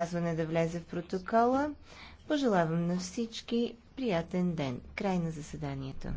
изказване да влезе в протокола. Пожелавам на всички приятен ден. Край на заседанието.